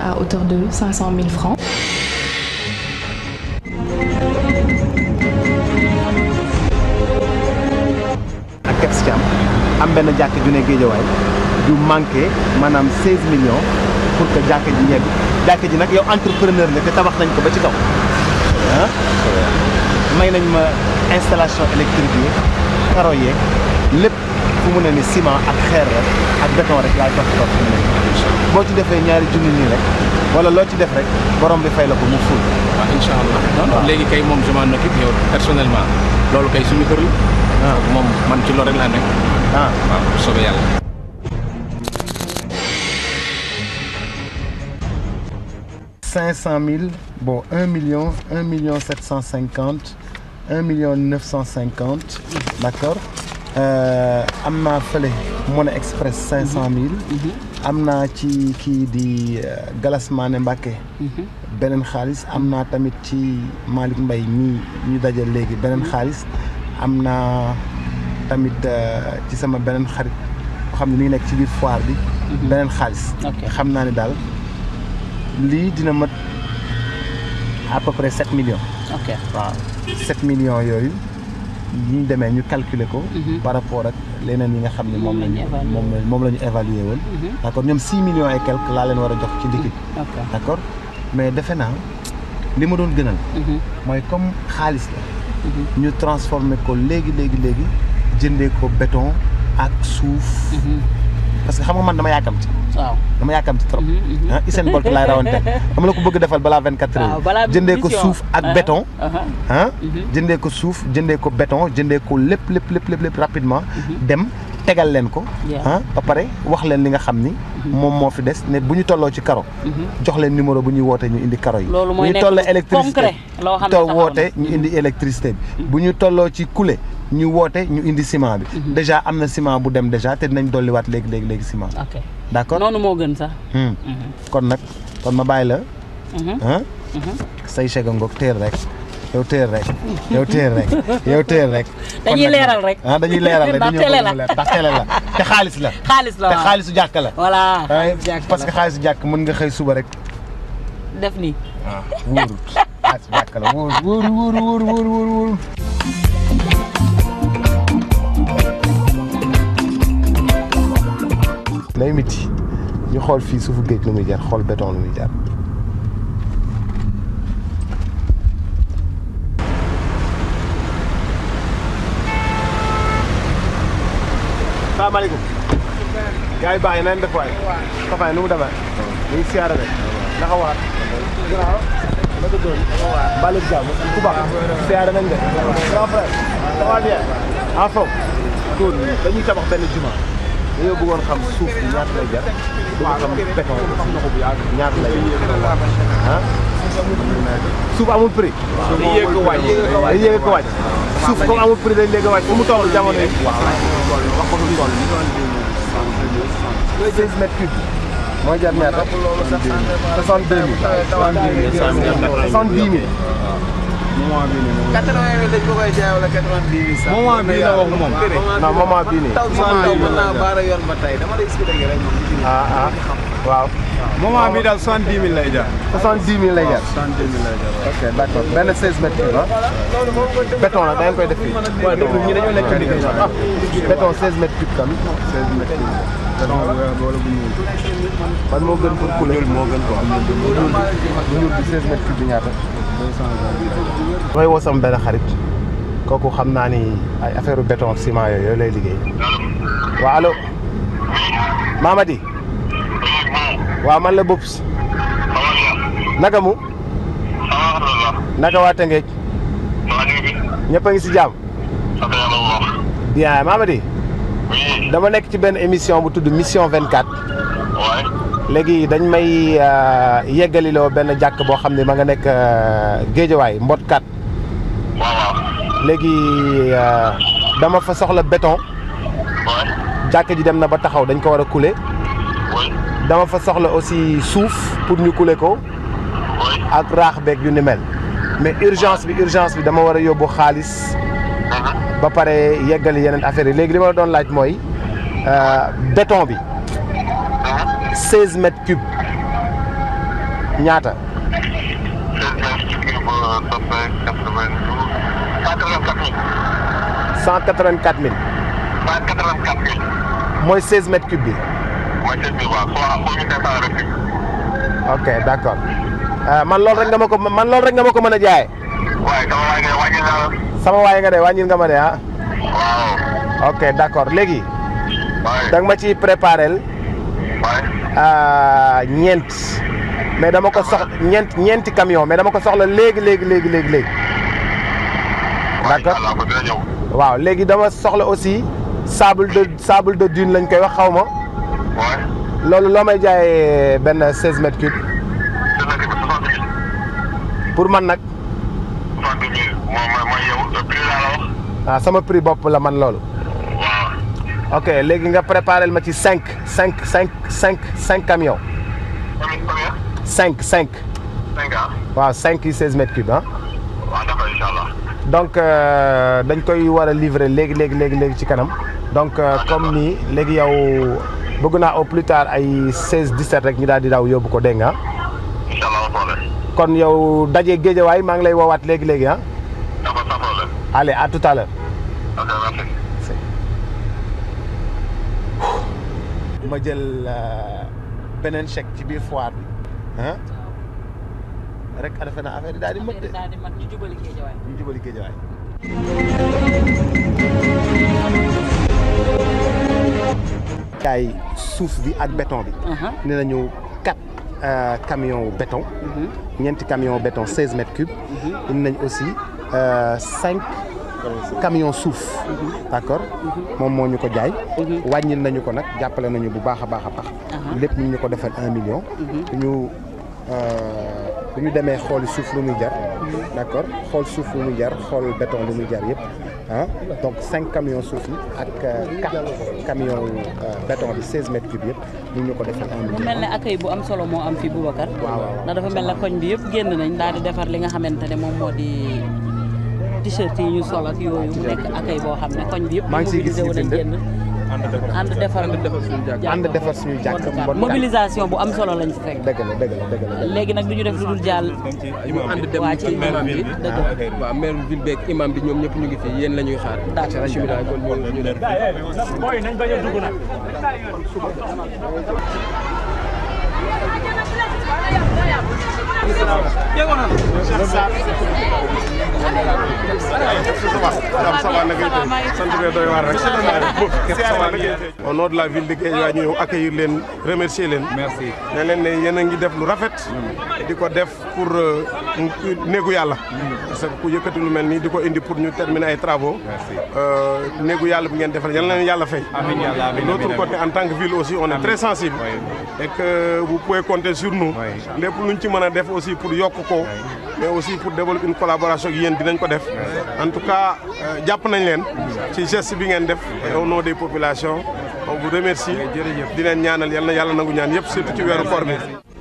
à hauteur de 500 000 francs. ak Kebs Thiam am benn jàkk ju ne Géejawaay du manqué maanaam 16 millions pour que jàkk ji ñebe jàkk ji nag yow entrepreneur nga te tabax nañ ko ba ci kaw ah may nañ ma installation électrique yi carreaux yeeg lépp fu mu ne ni ciment ak xeer rek ak béton rek laay toog toog boo ci defee ñaari junni nii rek wala loo ci def rek borom bi fay la ko mu ful. waaw incha allah. léegi kay moom je m'en yow personnellement loolu kay suñu kër ah. moom man ci loolu rek laa nekk. ah waaw cent mille bon un million un million sept cent cinquante un million neuf cent cinquante d'accord Euh, am naa fële Money Express cinq cent mille mhm. am naa ci kii di euh, galasmaane Mané Mbacké mhm. beneen xaalis am naa tamit ci Malick mbay mii ñu dajal léegi beneen mhm. xaalis am na tamit euh, ci sama beneen xarit boo xam ne mi ngi nekk ci biir foir bi beneen xaalis xam naa ne daal lii dina mat à peu près sept millions ok yooyu yi ñu demee ñu calculer ko mhm. par rapport ak leneen yi nga xam ne moom lañu moom moom la ñu évaluer woon mhm. d' accord ñoom sii millions et quelques laa leen war a jox ci liquide mhm. d' accord mais defe naa li ma doon gënal mooy comme xaalis la ñu transformer ko léegi léegi léegi jëndee ko béton ak suuf parce que xam nga man dama yàkkamti. waaw dama yàkkamti trop. Mhm, mhm. ah Usain Bolt laay rawante am la ko bëgg defal balaa 24 heures. Ah, jëndee ko suuf ak ah, béton. ah, ah. Mhm. jëndee ko suuf jëndee ko beton jëndee ko lépp lépp lépp lépp rapidement. dem tegal leen ko. ah ba pare wax leen li nga xam ni. moom moo fi des ne bu ñu tolloo ci karo. jox leen numéro bu ñuy woote ñu indi karo yi. loolu mooy nekk concret loo xam ne bu ñu tolloo électricité ñu indi électricité bi bu ñu tolloo ci kule. ñu woote ñu indi ciment bi. Mhm. déjà am na ciment bu dem déjà te nañ dolliwaat léegi léegi léegi ciment. ok d'accord noonu moo gën sax. Hmm. Mhm. kon nag kon ma bàyyi la. Mhm. say chèque ngoog téer rek yow téer rek yow téer rek yow téer rek. dañuy leeral rek ah, dañuy leeral rek ndax télé la la te xaalis la. xaalis la te jàkk la. voilà ah, parce que xaalisu jàkk mën nga xëy suba rek. def nii. waaw ah, wóorul xaalisu jàkk la nay miti ñu xool fii suufu géej lu muy jar xool béton lu muy jar salaamaaleykum gars yi baax yi nañ def waay Fafaye nu mu demee ñu ngi siyaare rek naka waat grand ma dëggoon bàyyi la jàmm ku baax siyaare nañ de grand frère ça tabax benn jumaa dañoo bëggoon xam suuf bi ñaata lay jar bëgg xam pétrole bi ñaata lay jar ah. suuf amul prix. waaw day yéeg a a wàcc suuf comme amul prix day yéeg a wàcc mu toll jamono yi. wax ko lu toll. 16 mètres cube mooy jar ñaata. 62 000 62 000 70 moment bii nii moom. 80 mille dañ ko koy jaay wala 90. moment bii la wax moom non moment bii nii. taw bi mën naa baara yoon ba tey dama lay expliqué rek moom. ah ah waaw. moment bii daal 70 mille lay jar. 70 mille lay jar. 70 mille lay jar ok d' accord benn 16 mètres la. Ah. béton la da ngeen koy def fii. waaw déglu ñi dañoo nekk liggéey ah. béton 16 mètres cube tamit. 16 mètres cube. man moo gën pour couleur moo gën quoi. bu ñuul bi 16 mètres cube bi ñaata. damay woo sama benn xarit kooku xam naa ni ay affaire béton ak ciment yooyu lay liggéey. waaw allo. Mamady. waaw man la Boubs. naka mu. waa Tëngéej. ñëpp a ngi si jàmm. bien Mamady. dama nekk ci benn émission bu tudd Mission 24. léegi dañ may euh, yeggaliloo benn jàkk boo xam ne ma nga nekk euh, géejawaay mbotkat waaw léegi euh, dama fa soxla béton jàkk ji dem na ba taxaw dañ ko war a couler dama fa soxla aussi suuf pour ñu couler ko ak raax beeg yu ni mel mais urgence bi urgence bi dama war a yóbbu xaalis uh-huh. ba pare yeggali yeneen affaires yi léegi li ma la doon laaj mooy béton bi seize mètres cube ñaata. cent quatre vingt quatre mooy seize mètres cube bi. mooy seize mille waaw soo ok d' accord euh, man loolu rek nga ma ko man lool rek nga ma ko mën a jaay waaye sama waay nga wàññil nga de wàññil ma de ah. waaw. ok d' accord léegi. da nga ma ciy préparel. ñeent mais dama ko sox ñeent ñeenti camion mais dama ko soxla léegi léegi léegi léegi léegi d'accord waaw léegi dama soxla aussi sable de sable de dune lañ koy wax xawma loolu loo may jaaye benn 16 mètres cube pour man nag ah sama prix bopp la man loolu ok léegi nga préparé ma ci cinq cinq cinq cinq cinq camions. cinq cinq. waaw cinq yi seize mètres cubes donc euh, dañ koy war a livrer léegi léegi léegi léegi ci kanam. donc euh, comme nii léegi yow bëgg naa au plus tard ay seize dix-sept rek ñu daal di daw yóbbu ko dégg nga kon yow daje géejawaay maa ngi lay woowaat léegi léegi ah. d'accord sans problème. allez à tout à ma jël euh, beneen chèque ci biir foir bi ah. rek a defe naa affaire yi daal de ñu jubali géejawaay ñu jubali géejawaay suuf bi ak béton bi. Uh-huh. nee nañu quatre euh, camions béton. Mm-hmm. ñeenti camions béton seize mètres cubes. indi mm-hmm. nañ aussi euh, camion suuf d' moom moo ñu ko jaay wàññil nañu ko nag jàppale nañu bu baax a baax a baax uh-huh. lépp ñu ngi ko defal un million ñu bu ñu demee uh-huh. xool suuf lu muy jar d' xool suuf lu jar xool béton lu muy jar yëpp ah donc cinq camions suuf yi ak euh, quatre camions euh, béton bi seize mètres cubes yëpp ñu ñu ko defal un million. mel ne accueil bu am solo moo am fii Boubacar. waaw ndax dafa mel ne koñ bi yëpp génn nañ daal di defar li nga xamante moom moo di. t-shirt yi ñu sol ak yooyu mu nekk akay boo xam ne koñ bi yëpp. maa ngi siy gis ñu bind ànd defar ànd defar mobilisation bu am solo lañ fi fekk. dëgg la dëgg la dëgg la léegi nag du ñu def lu dul jàll. ànd dem ci imam bi waaw maire ville beeg imam bi ñoom ñëpp ñu ngi fi yéen la ñuy xaar. d'accord bismillah kon ñu ñu au nom de la ville de Guédiawaye ñu ñëw accueillir leen remercier leen. merci ne leen ne yéen a ngi def lu rafet. di ko def pour euh, néegu yàlla. parce que ku yëkkati lu mel nii di ko indi pour ñu terminer ay travaux. Euh, néegu yàlla bu ngeen defal yal na leen yàlla fay. amiin yàlla amiin de l'autre côté en tant que ville aussi on est très sensible. et que vous pouvez compter sur nous. lépp luñ ci mën a def aussi. pour yokk ko mais aussi pour développer une collaboration yéen dinañ ko def en tout cas euh, jàpp nañ leen ci geste bi ngeen def au nom des populations on vous remercie di leen ñaanal yal na yàlla nangu ñaan yëpp surtout ci weeru koor bi